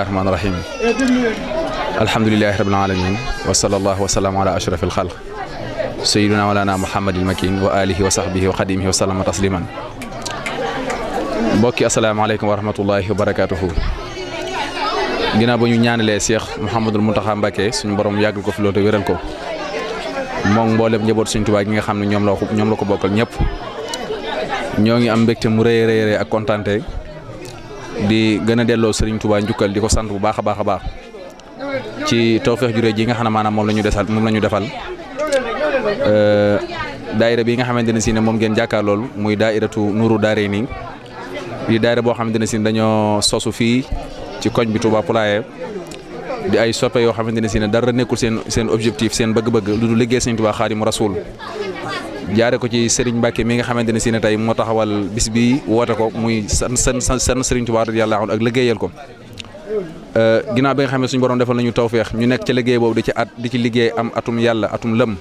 bismillahi rahmaani rahim alhamdulilahi rabil alamin wa sallallahu wa salaam ala ashraf al xalq sayiduna tasliman mbokki asalaamaaleykum wa rahmatullahi wa barakatuhu ginnaaw ñu ñaanalee Cheikh Mouhamadul Mountakha Mbacké suñu borom yàggal ko fi loolu te wéral ko moom njaboot suñ Tuubaa nga xam ne ñoom la ko bokkal ñëpp ñoo ngi am mbégte mu rëy rëy ak kontaante di gën a delloo Serigne Touba njukkal di ko sant bu baax a baax a baax ci tawfeex jure ji nga xam ne maanaam moom la ñu desal moom la ñu defal euh, daayira bi nga xamante ne si ne moom ngeen jàkkaar loolu muy daairatu Nuuru Daarayni di daayira boo xamante ne si dañoo sosu fii ci koñ bi Touba Poulaye di ay soppe yoo xamante ne si ne dara nekkul seen seen objectif seen bëgg-bëgg lu dul liggéey Serigne Touba Xaadimu Rasuul jaare ko ci Serigne Mbacke mi nga xamante ne si ne tey moo taxawal bis bi woote ko muy san san san Serigne Touba yàlla ak liggéeyal ko euh, ginnaaw bi nga xam ne suñu borom defal nañu feex ñu nekk ci liggéey boobu di ci at di ci liggéey am atum yàlla atum lëm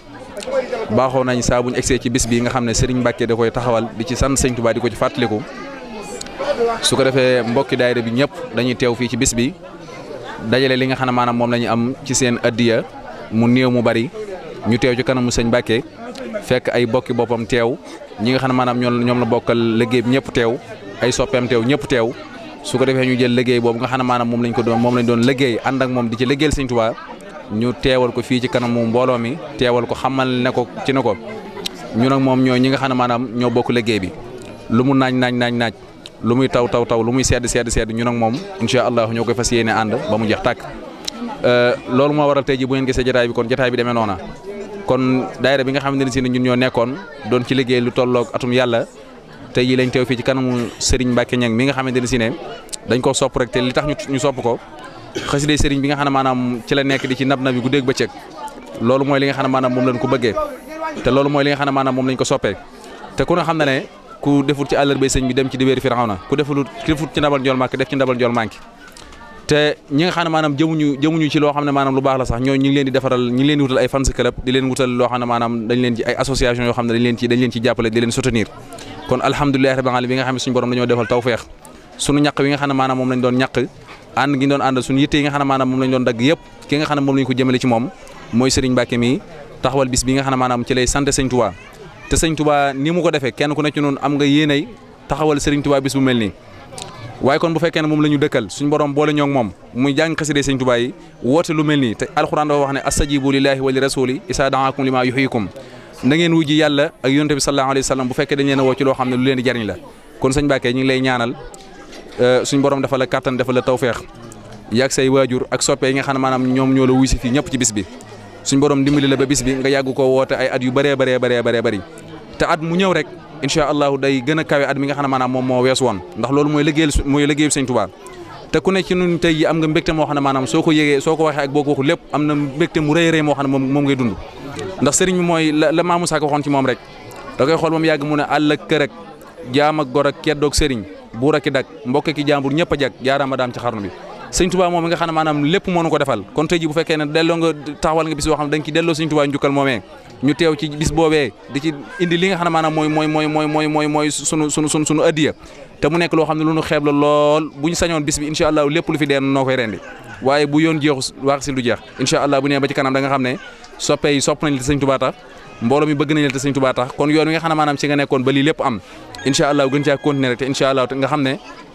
baaxoo nañ saa bu ñu egsee ci bis bi nga xam ne Serigne Mbacke da koy taxawal di ci san Serigne Touba di ko ci fàttaliku su ko defee mbokki daayira bi ñëpp dañuy teew fii ci bis bi dajale li nga xam ne maanaam moom la am ci seen addiya mu néew mu bari ñu teew kanamu Serigne Mbacke fekk ay bokki boppam teew ñi nga xam ne maanaam ñoom la bokkal liggéey bi ñëpp teew ay soppeem teew ñëpp teew su ko defee ñu jël liggéey boobu nga xam ne maanaam moom lañ ko doon moom lañ doon liggéey ànd ak moom di ci liggéeyal Sëñ Tuubaa ñu teewal ko fii ci kanamu mbooloo mi teewal ko xamal ne ko ci ne ko ñu nag moom ñooy ñi nga xam ne maanaam ñoo bokk liggéey bi lu mu naaj naaj naaj naaj lu muy taw taw taw lu muy sedd sedd sedd ñu nag moom incha allah ñoo koy fas yéene ànd ba mu jeex tàkk euh, loolu moo waral tey ji bu ngeen gisee jataay bi kon jataay bi demee noona kon daayira bi nga xamante ne si ne ñun ñoo nekkoon doon ci liggéey lu tolloog atum yàlla te yi lañ teew fii ci kanamu Serigne Mbacke Niang mi nga xamante ne si ne dañ koo sopp rek te li tax ñu sopp ko xasida Serigne bi nga xam ne ci la nekk di ci nab na bi guddeeg bëccëg loolu mooy li nga xam ne maanaam moom lañ ko bëggee te loolu mooy nga xam ne maanaam moom lañ ko soppee te ku ne xam na ne ku deful ci àllarbay sëñ bi dem ci dibéeri Firawna ku deful ku deful ci ndabal njool màkk def ci ndabal njool mànki te ñi nga xam ne maanaam jëmuñu jëmuñu ci loo xam ne maanaam lu baax la sax ñoo ñu ngi leen di defaral ñu ngi leen di wutal ay fans club loo xam ne maanaam dañ leen ci ay association yoo xam ne dañ leen ci dañ leen ci jàppale di leen soutenir kon alhamdulilahi rabbil alamin bi nga xam ne borom dañoo defal tawfeex suñu ñàq wi nga xam ne maanaam moom lañ doon ñàq ànd gi doon ànd suñu yitte nga xam ne maanaam moom lañ doon dagg yëpp ki nga xam ne moom lañ ko jëmale ci moom mooy Serigne Mbacke mi taxawal sant Serigne Touba te Serigne ko defee kenn ku nekk ci noonu am nga taxawal Serigne Touba bis bu mel nii waaye kon bu fekkee ne moom la ñu dëkkal suñu borom boole ñoo ngi moom muy jàng xaside sëñ Tuubaa yi woote lu mel nii te alxuraan dafa wax ne astajibu lillahi wa li isaa daakum li maa yuhyikum na ngeen wujji yàlla ak yonent bi sallallahu alayhi wa sallam bu fekkee dañ leen a woo ci loo xam ne lu leen di jariñ la kon sëñ Mbàkke ñu ngi lay ñaanal euh, suñu borom dafa la kàttan dafa la tawfeex yàgg say waajur ak soppe yi nga xam ne maanaam ñoom ñoo la wuy si fii ñëpp ci bis bi suñu borom dimbali la ba bis bi nga yàgg ko woote at yu bëree bëree bëree bëree bëri te at mu incha allah day gën a kawe at mi nga xam ne maanaam moom moo wees woon ndax loolu mooy liggéeyal mooy liggéeyu sëñ Tuubaa te ku ne ci nun tey am nga mbégte moo xam maanaam soo ko yëgee soo ko waxee ak boo ko waxul lépp am na mbégte mu rëy rëy moo xam moom moom ngay ndax sëriñ bi mooy la maamu saaka xoon ci moom rek da koy xool moom yàgg mu ne àll ak kër ak gor ak keddoog sëriñ buur ak dak mbokk ki jàmbur ñëpp a jag jaaraama daam ci xarnu bi sëñ Touba moom mi nga xam ne maanaam lépp moo nu ko defal kon tey ji bu fekkee ne delloo nga taxawal nga bis xam ne da delloo sëñ njukkal moomee ñu teew ci bis boobee indi li nga xam ne maanaam mooy mooy mooy mooy mooy mooy mooy sunu sunu sunu sunu addiya te mu nekk loo xam ne lu nu xeeb la lool bu ñu sañoon bis bi incha allah lépp lu fi deen noo koy rendi waaye bu yoon jeexu wax si jeex incha allah bu nee ba ci kanam da xam ne soppe yi sopp nañ la te sëñ Touba tax mbooloo mi bëgg nañ la te sëñ kon yoon wi nga nga nekkoon ba lii lépp am incha allah gën caa continuer rek te incha allah nga xam ne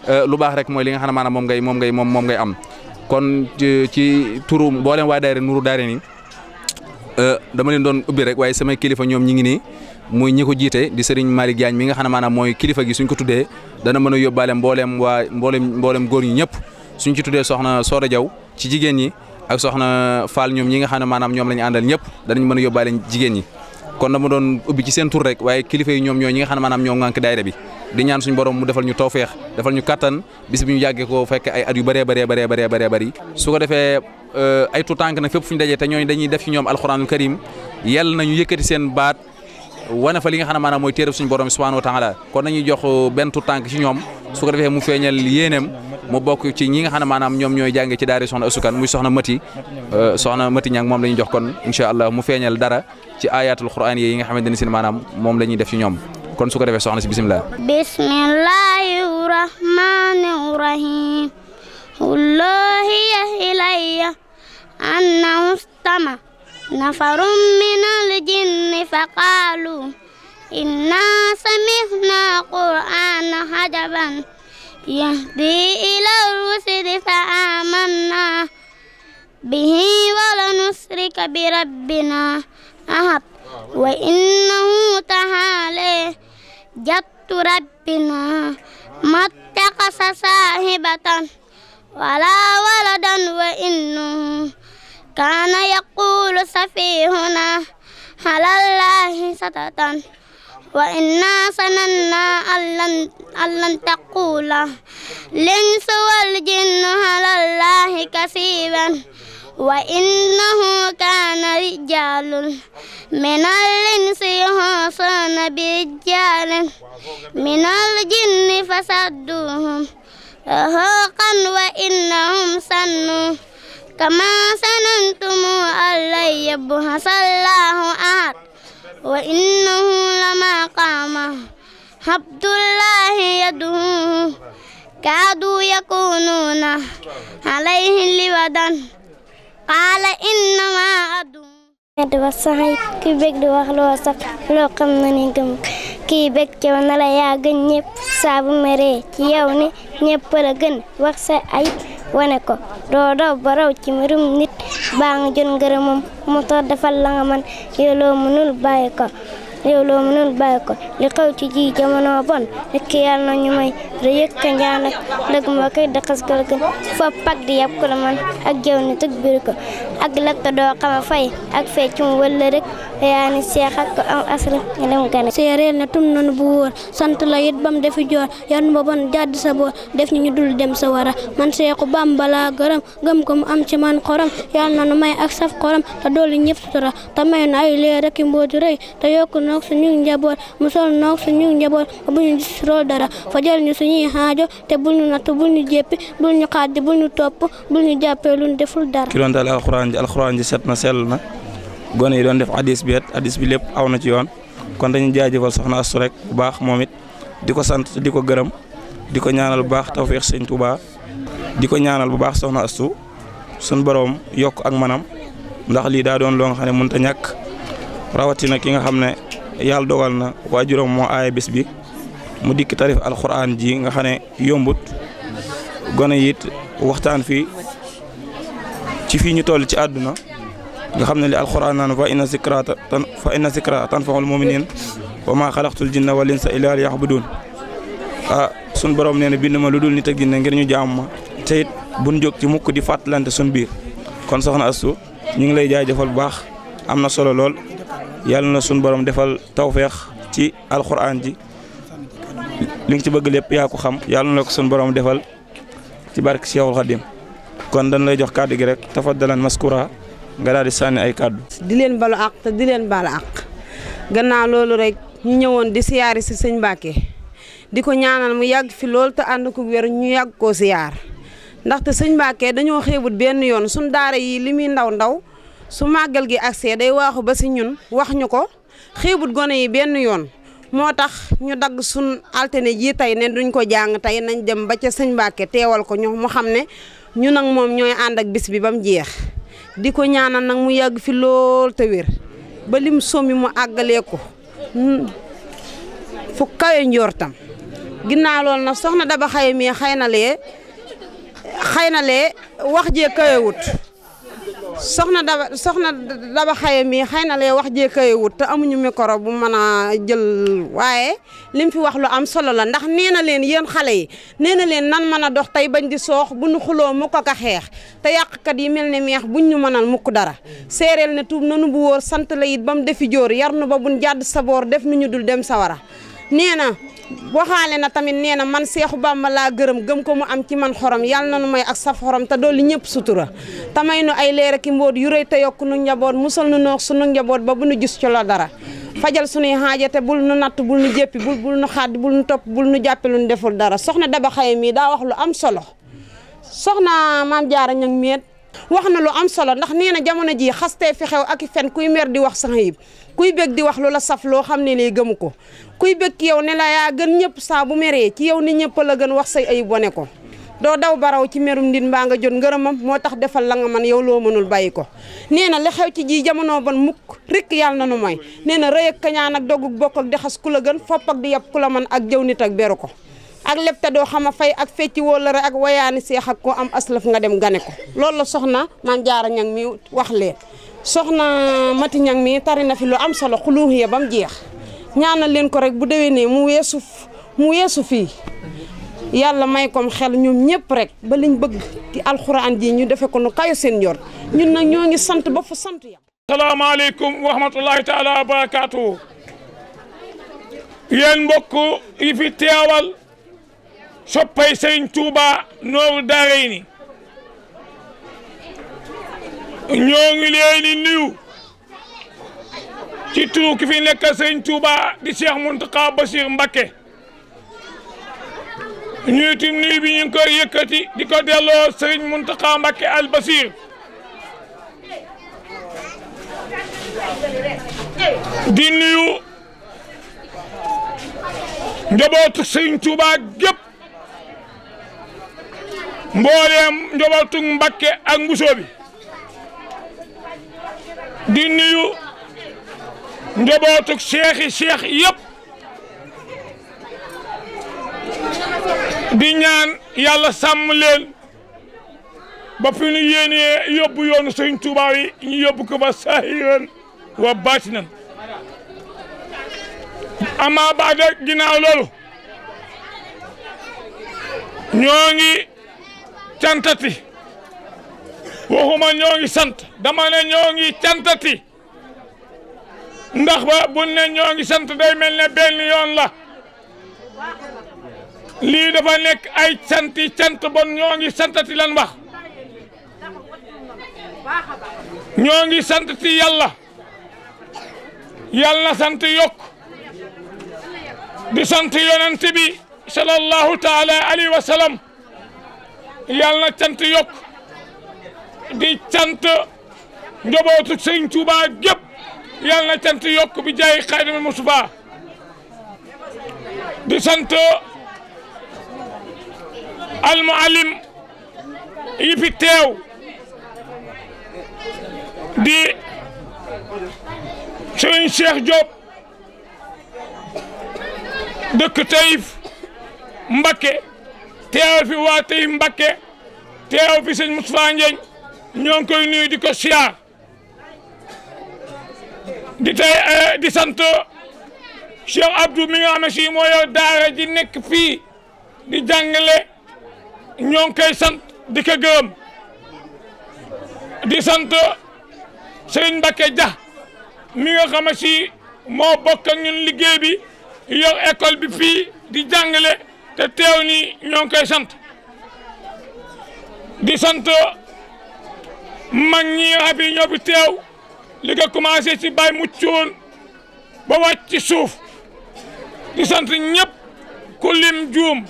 euh, lu baax rek mooy li nga xam ne maanaam moom ngay moom ngay moom moom am kon ci turu mboolem waa daayira Nuuru Daarayni euh, dama leen doon ubbi rek waaye samay kilifa ñoom ñi ngi nii mooy ñi ko jiite di Serigne Malick Diagne mi nga xam ne maanaam mooy kilifa gi suñ ko tuddee dana mën a yóbbaale mbooleem waa mbooleem mbooleem góor ñi ñëpp suñ ci tuddee soxna Soda jaw ci jigéen ñi ak soxna Fall ñoom ñi nga xam ne maanaam ñoom la ñu àndal ñëpp danañ mën a yóbbaale jigéen ñi kon dama doon ubbi ci seen tur rek waaye kilifa yi ñoom ñooy ñi nga xam maanaam ñoo ngànk daayira bi di ñaan suñu borom mu defal ñu tawféex defal ñu kattan bis bi ñu yàggee ko fekk ay at yu bëree bëree bëree bëree bëree bëri su ko defee euh, ay tutànk nag fépp fu ñu dajee te ñooñu dañuy def ci ñoom alxuraanul karim yàlla nañu yëkkati seen baat wane fa li nga xam ne maanaam mooy téereb suñu borom subhanahu wa taala kon nañuy jox euh, benn tutànk ci ñoom su ko defee mu feeñal yéeneem mu bokk ci ñi nga xam ne maanaam ñoom ñooy jànge ci daari soxna asukan muy soxna mati euh, soxna mati ñang moom la ñuy jox kon incha allah mu feeñal dara ci ayatul quran yi nga xamante ne si maanaam moom la ñuy def ci ñoom kon su ko defee soxna si bisimilah bismillahi rahmani rahim ilayya annahu stama nafarum min al fa qaalu inna samihna qur'ana hajaban يهدي إلى الرشد فآمنا به ولنشرك بربنا أحد وإنه تعالى جد ربنا ما اتخذ صاحبة ولا ولدا وإنه كان يقول سفيهنا على الله ستة wa inna sananna an lan taqula linsu wal jinnu ala allahi kasiban wa innahu kaana rijalun minal insi yuhsuna birijalin minal jinni fasadduhum rahoqan wa innahum sannu kama sanantum an lan yab'asa allahu ahad وإنه لما قام عبد الله يدعوه كادوا يكونون عليه لبدا قال إنما أدعو di wax saxay kii bëgg di wax loo sax loo xam na ni kii bëgg yow na yaa gën ñëpp saa bu ci yow ni ñëpp la gën wax sa ayib wane ko doodoo daw ba raw ci mbirum nit baa nga jot ngërëmam mu toog defal la nga man yooloo mënul ko réew loo mënul ko li xew ci ji jamono bon rekk yàlla na ñu may rëyëg ka njaanak ndëg ma koy daqas ko la gën fop pak di yàpp ko la ak jëw ni tëg biir ko ak lakk doo xama fay ak feccum wala rek yaa ni seex ak ko am asra lem gane séeréer ne tum nanu bu wóor sant la it bam defi joor yan ba bon jàdd sa boor def ñu dul dem sa wara man seexu Bàmba laa gërëm gëm ko mu am ci man xorom yàlla na may ak saf xorom te doolu ñëpp sutura te may na ay noog suñu njaboot musal noog dara fajal ñu suñuy te bul ñu natt bul ñu jéppi bul ñu xaddi bul ñu topp bul ñu jàppee lu ki doon daal alxuraan ji alxuraan na sell na gone yi doon def addis bi et addis bi lépp aw na ci yoon kon dañu jaajëfal soxna Astu rek bu baax moom it di ko sant di ko gërëm di ko ñaanal bu baax tawfeex sëñ Tuubaa di ko ñaanal bu baax soxna Astu suñ boroom yokk ak manam ndax lii daa doon loo nga xam ne mënut a ñàkk rawatina ki nga xam ne yàlla dogal na waajuram moo aaye bés mu dikk tarif alxuraan ji nga xam ne yombut gone it waxtaan fii ci fii ñu toll ci àdduna nga xam ne li alxuraan naan fa inna zikra tan fa inna zikra tanfaul muminin wa maa xalaqtul jinna wal insa illa liya'budun ah sun borom nee na bind ma lu dul nit ak jinne ngir ñu jaam ma te it buñ jóg ci mukk di fàttalante sun biir kon soxna Astou ñu ngi lay jaajëfal bu baax am na solo lool. yàlla na suñu boroom defal tawfeex ci alxuraan ji li nga ci bëgg lépp yaa ko xam yàlla na ko suñu borom defal ci barke Seexul Xadim kon dañ lay jox kàddu gi rek tafaddalan maskura nga daal di sànni ay kàddu. di leen balu àq te di leen balu àq gannaaw loolu rek ñu ñëwoon di siyaari si sëñ Mbàkke di ko ñaanal mu yàgg fi loolu te ànd ko wér ñu yàgg koo siyaar ndaxte sëñ Mbàkke dañoo xeebut benn yoon suñu daara yi li muy ndaw ndaw. su màggal gi agsee day waaxu ba si ñun wax ñu ko xiibut gone yi benn yoon moo tax ñu dagg sun altine ji tey ne duñ ko jàng tey nañ dem ba ca sëñ Mbàkke teewal ko ñu mu xam ne ñu nag moom ñooy ànd ak bis bi ba mu jeex di ko ñaanal nag mu yàgg fi lool te wér ba lim sommi mu àggalee ko fu kawe njortam ginnaaw loolu nag soxna Daba Xaye mi xëy na lee xëy na lee wax jee kawewut soxna daba soxna daba xaye mii xëy na lee wax jee kayewut te amuñu micro bu mën a jël waaye lim fi wax lu am solo la ndax nee na leen yéen xale yi nee na leen nan mën a dox tey bañ di soox bu nu xuloo mukk ka xeex te yàqkat yi mel ne meex buñ ñu mënal mukk dara séeréel ne tuub nanu bu wóor sant la it ba mu defi jóor yar nu ba buñ jàdd saboor def nu ñu dul dem sawara nee na waxaale na tamit nee na man Seexu Bàmba laa gërëm gëm ko mu am ci man xorom yàlla na nu may ak saf xorom te doolu ñëpp sutura ta may nu ay leer ak i mbóot yu rëy te yokk nu njaboot musal nu noox sunu njaboot ba bu nu gis ci dara fajal sunuy xaajate bul nu natt bul nu jéppi bul bul nu xadd bul nu topp bul nu jàppe lu nu deful dara soxna Daba Xaye mii daa wax lu am solo soxna maam jaara ñang miet wax na lu am solo ndax nee na jamono ji xaste fi ak i fen di wax sax yib kuy bëgg di wax lu la saf loo xam ne lii gëmu ko kuy bëgg yow ne la yaa gën ñëpp saa bu meree ci yow ni ñëpp la gën wax say ay bone ko doo daw baraw ci merum nit mbaa nga jot ngërëmam moo tax defal la nga man yow loo mënul bàyyi ko nee na li xew ci ji jamono ban mukk rek yàlla na nu mooy nee na rëy kañaan ak dogug bokk ak di xas ku la gën fopp ak di yab ku la man ak jëw nit ak beru ko ak lépp te doo xam a fay ak fecc fecci wóolare ak wayaani seex ak koo am aslaf nga dem gane loolu la soxna maam jaara ñang mi wax leen soxna Mati Ñang mi tari na fi lu am solo xuluuxiya ba mu jeex ñaanal leen ko rek bu déwénee mu weesu mu weesu fii yàlla may kom xel ñoom ñëpp rek ba liñ bëgg ci alxuraan ji ñu defe ko nu kayo seen yor ñun na ñoo ngi sant ba fu sant ya salaamaaleykum wax rahmatullahi taala wa barakaatu yéen mbokk yi fi teewal soppay sëriñ Tuuba nooru daarey ni ñoo ngi leen di nuyu ci tur ki nekk sëñ Touba di Cheikh Mountakha Bachir Mbacké ñu itam nuyu bi ñu ngi koy yëkkati di ko delloo sëriñ Mountakha Mbacké al Bachir di nuyu njabootu sëriñ Touba gépp mbooleem njabootu Mbacké ak Mbusoo bi di nuyu njabootuk seexi seex yëpp di ñaan yàlla sàmm leen ba fi ñu yéenee yóbbu yoonu sëñ Tuubaa yi yóbbu ko ba saahiran wa baatinan ama baada ginnaaw loolu ñoo ngi cantati waxuma ñoo ngi sant dama ne ñoo cantati ndax ba buñ ne ñoo sant day mel ne benn yoon la lii dafa nekk ay canti cant bon ñoo santati lan wax ñoo ngi santati yàlla yàlla na sant yokk di sant yonent bi sallallahu taala alayhi wa sallam na cant yokk di cant njabootu sëñ Touba gépp yàlla na cant yokk bi jaay Xaadimu Mustafaa di sant almuallim yi fi teew di sëriñ Cheikh Diop dëkk Taïf Mbakke teew fi waa Taïf Mbakke teew fi sëñ Moustapha Ndiagne ñoo di ko siyaar di tey eh, di sant Cheikh mi nga xam si moo yor daara ji nekk fii di jàngale ñoo ngi koy sant di ko di sant Serigne Mbacké Dia mi nga xam si moo bokk liggéey bi yor école bi fii di jàngale te teew nii ñoo sant di sant. mag ñi nga xam ne teew li nga commencé ci Baye Muccoon ba wàcc ci suuf di sant ñëpp ku lim juum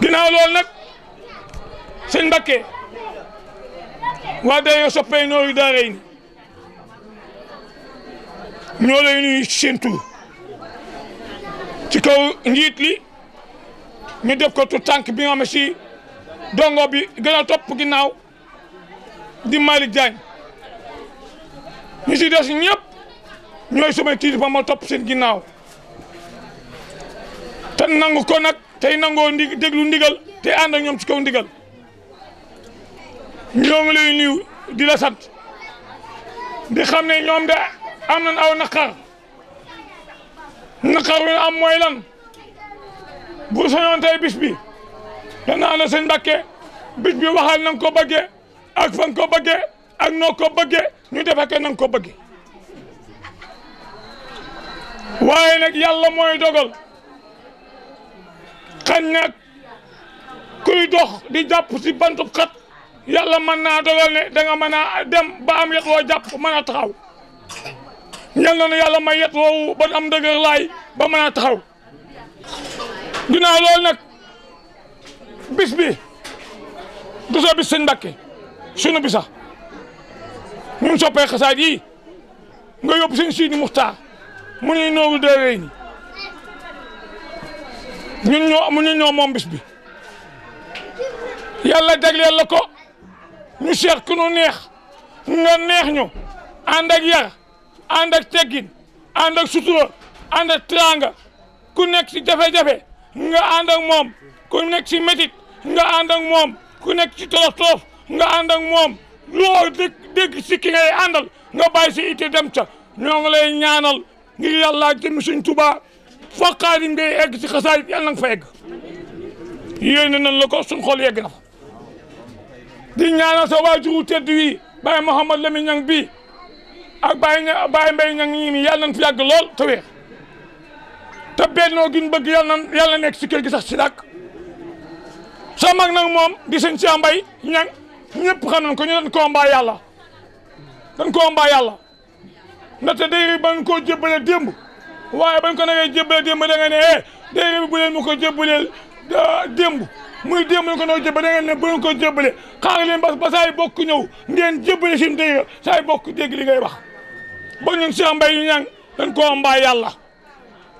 ginnaaw loolu nag sëñ Mbakke waa dayo soppay nooyu daarey ni ñoo lay nuyu seen ci kaw njiit li ñu def ko tu tànk bi nga xam ne si dongo bi gën a topp ginnaaw di Malick Diagne ñu si des ñëpp ñooy sumay kilifa ma topp seen ginnaaw te nangu ko nag tey nangoo ndi déglu ndigal te ànd ñoom ci kaw ndigal ñoo ngi lay di la di xam ne ñoom de am nañ aw naqar naqar wi am mooy bu soñoon tey bis bi danaa la sëñ Mbàkke bis bi na nga ko bëggee ak fan ko bëggee ak noo ko bëggee ñu defake nanga ko bëggee waaye nag yàlla mooy dogal xañ nag kuy dox di jàpp si bant xat yàlla mën naa dogal ne danga mën a dem ba am yet woo jàpp mën a taxaw ñel noonu yàlla may yet woowu ba am dëgër ba mën a taxaw ginnaaw loolu nag bis bi du soo bis sëñ Mbàkke sunu bi sax ñun soppee xasaat yi nga yóbbu seen siidi muxtaar mu ne noobu déré ñi ñun ñoo mu ne ñoo moom bis bi yàlla jagleel la ko ñu seet ku nu neex nga neex ñu ànd yar ànd ak teggin ànd ak sutura ànd ak ku nekk ci jafe-jafe nga ànd moom ku nekk ci metit nga ànd moom ku nekk ci tolof tolof nga ànd ak moom loo dégg dégg si ki ngay àndal nga bàyyi si itti dem ca ñoo ngi lay ñaanal ngir yàllaa jëm suñ tubaa faqaari ngay egg si xasaayit yàlla na fa egg yéene nañ la ko suñ xol yegg na fa di ñaanal sa waajuru tedd wi Baye Mouhamad Lamine Niang bii ak Baye ña Baye Mbaye Niang ñii nii yàlla nañ fi yàgg lool te weex te bennoo gin bëgg yàlla na yàlla nekk si kër gi sax si dàkk sa mag nag moom di sëñ si mbay ñang ñëpp xam ko ñu dañ koo mbaa yàlla dañ koo mbaa yàlla ndaxte dayre bi bañ koo jébbale démb waaye bañ ko nagee jébbale démb da nga ne eh dayre bi bu ko jébbaleel démb muy démb lañ ko noo jébbale da ngeen ne bu bokk ñëw ngeen jébbale suñu dayre saay bokk dégg li ngay wax ba ñun Cheikh yi ñang dañ koo mbaa yàlla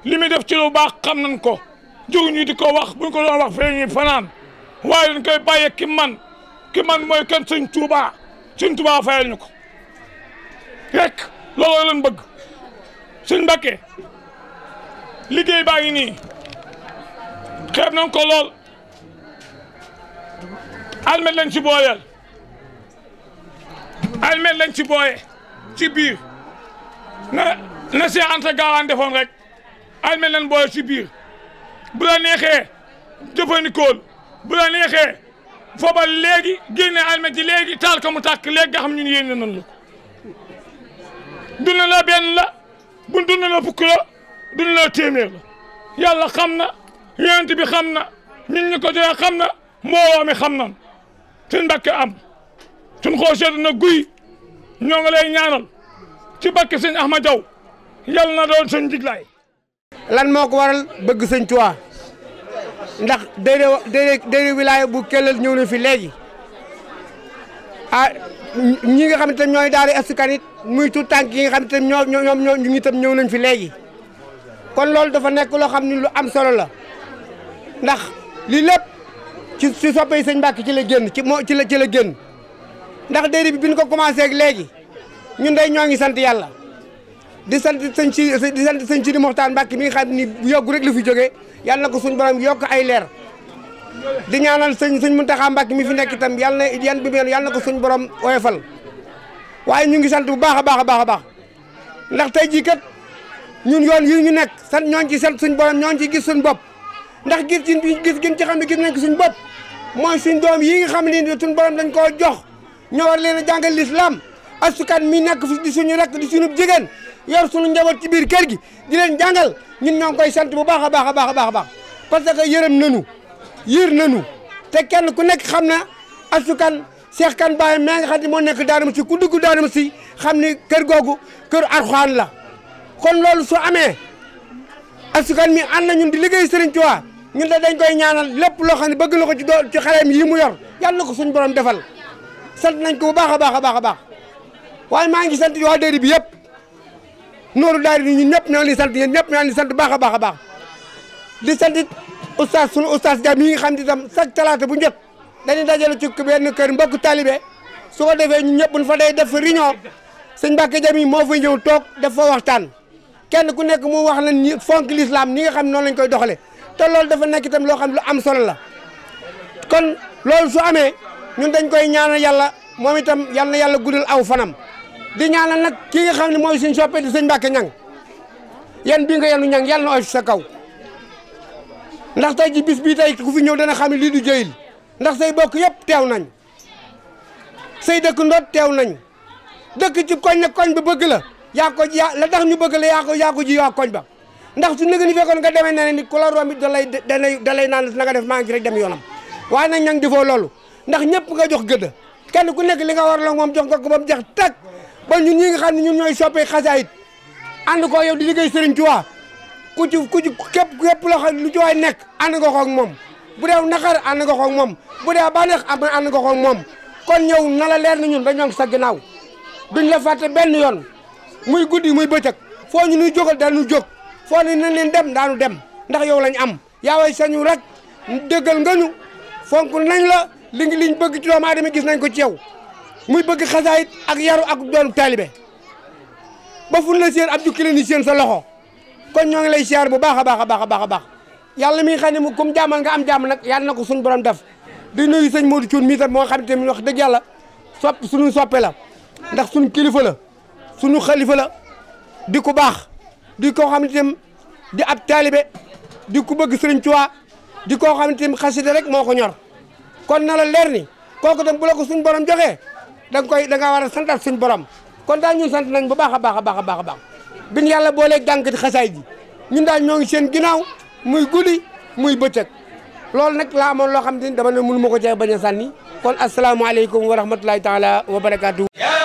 li muy def ci lu baax xam nañ ko jóg ñu di ko wax buñ ko doon wax fee ñuy fanaan waaye dañ koy bàyyi man ki man mooy kenn sëñ Tuubaa sëñ Tuubaa fayal ñu rek looloo leen bëgg sëñ Mbàkke liggéey baa ngi nii xeeb nañ ko lool almet lañ ci booyal almet lañ ci biir na na Seex Anta Gaawaan defoon rek almet lañ booye ci biir bu la neexee fobal léegi génne almet yi léegi taal ko mu tàkk léegi nga xam ñun yéene nañ la ko dund la benn la bu dund la fukk la dund la téeméer la yàlla xam na yonent bi xam na ñun ñu ko joxe xam na mbooloo mi xam nan suñ mbàkke am suñ xoosee na guy ñoo ngi lay ñaanal ci bakke sëñ Ahmad Jaw yàlla na doon suñ jiglaay lan moo ko waral bëgg sëñ Tuubaa ndax déedéet wa déedéet wilaaya bu Keleel ñëw nañ fi léegi ah ñi nga xam te ñooy daara askan it muy tuut tànk yi nga xam te ñoo ñoom ñoo ñu itam ñëw nañ fi léegi kon loolu dafa nekk loo xam ni lu am solo la ndax lii lépp ci ci soppe yi sëñ Mbàkke ci la génn ci moo ci la ci la génn ndax déedéet bi bi ñu ko commencé ak léegi ñun day ñoo ngi sant yàlla. di sant sëñ ci di sant sëñ ci di Moxtaar Mbàkke mi nga xam ni yoggu rek la fi jógee yàlla na ko suñ borom yokk ay leer di ñaanal sëñ sëñ Muntaxa Mbàkke mi fi nekk tam yàlla na yan bi meen yàlla na ko suñu borom oyofal waaye ñu ngi sant bu baax a baax a baax a baax ndax tey jii kat ñun yoon yi ñu nekk sant ñooñ ci sant suñu borom ñooñ ci gis suñ bopp ndax gis ci gis ci xam ne gis nañ ko suñu bopp mooy suñ doom yii nga xam ne suñu borom dañ ko jox ñoo war leen a jàngal lislaam asukan mi nekk di suñu rek di suñu jigéen yor suñu njaboot ci biir kër gi di leen jàngal ñun ñoo ngi koy sant bu baax a baax a baax a baax parce que yërëm nañu yër nañu te kenn ku nekk xam na Astou Kane kan Kane Baye maa nga xam ne moo nekk Darou Mousty ku dugg Darou si xam ni kër googu kër Alxuraan la kon loolu su amee Astou Kane mi ànd na ñun di liggéey sëriñ Touba ñun de dañ koy ñaanal lépp loo xam ne bëgg na ko ci doo ci xaleem yi mu yor yàlla na ko suñu borom defal sant nañ ko bu baax a baax a baax a baax waaye maa ngi sant waa dëri bi yëpp noonu daal di ñun ñëpp ñoo ngi leen di sant yéen ñëpp ñoo ngi leen di sant baax a baax a baax di sant it oustaz sunu oustaz Dia mi nga xam ne itam chaque talaata bu njëkk dañuy dajale ci benn kër mbokku talibé su ko defee ñun ñëpp buñ fa day def fa réunion sëñ Mbacke Dia mi moo fay ñëw toog def fa waxtaan kenn ku nekk mu wax leen ñi fonk l'islam ñi nga xam noonu lañ koy doxalee te loolu dafa nekk itam loo xam ne lu am solo la kon loolu su amee ñun dañ koy ñaanal yàlla moom itam yal na yàlla guddal aw fanam. di ñaanal nag ki nga xam ne mooy suñ soppee di sëñ Mbàkke ñang yan bi nga yenu ñang yàlla na oyof sa kaw ndax tey ji bis bii tey ku fi ñëw dana xam ne lii du jëyil ndax say bokk yëpp teew nañ say dëkk ndoot teew nañ dëkk ci koñ na koñ ba bëgg la yaa ko yaa la tax ñu bëgg la yaa ko ji yaa koñ ba ndax su nëgë ni fekkoon nga demee ne nit ku la romb it da lay da lay naan na nga def maa ngi ci rek dem yoonam waaye nag ñang defoo loolu ndax ñëpp nga jox gëdd kenn ku nekk li nga war la moom jox nga ko ba mu jeex tàkk kon ñun ñi nga xam ne ñun ñooy soppe xasaayit ànd ko yow di liggéey Serigne Touba ku ci ku ci képp képp loo xam lu ci waay nekk ànd nga moom bu dee naqar ànd nga ko ak moom bu dee bànneex am ànd nga ko moom kon ñëw nala leer na ñun dañoo ngi sa ginnaaw duñ la fàtte benn yoon muy guddi muy bëccëg foo ñu nuy jógal daanu jóg foo ne nañ leen dem daanu dem ndax yow lañ am yaa way sañu rek dëggal nga ñu fonk nañ la li liñ bëgg ci doomu aadama gis nañ ko ci muy bëgg xasaayit ak yaru ak doonu taalibe ba fun la seen ab jukki la ni seen sa loxo kon ñoo ngi lay siyaar bu baax a baax a baax a baax a baax yàlla mi nga xam mu comme jaamal nga am jaam nag yàlla na ko suñu borom def di nuyu sëñ Modou Thioune mii sa moo xam ne tamit wax dëgg yàlla sopp suñu soppe la ndax suñu kilifa la suñu xalifa la di ku baax di ko xam ne tam di ab taalibe di ku bëgg sëriñ Tuubaa di ko xam ne tam xasida rek moo ko ñor kon na la leer ni kooku tam bu la ko suñu borom joxee danga koy da ngaa war a santal suñu borom kon daal ñun sant nañ bu baax a baax a baax a baax a baax bin yàlla boolee jànkati xasaay ji ñun daal ñoo ngi seen ginnaaw muy guddi muy bëccëg loolu nag laa amoon loo xam te dama ne mënu ma ko jeex bañ a sànni kon asalaamaaleykum wa rahmatulahi taala wa barakaatu.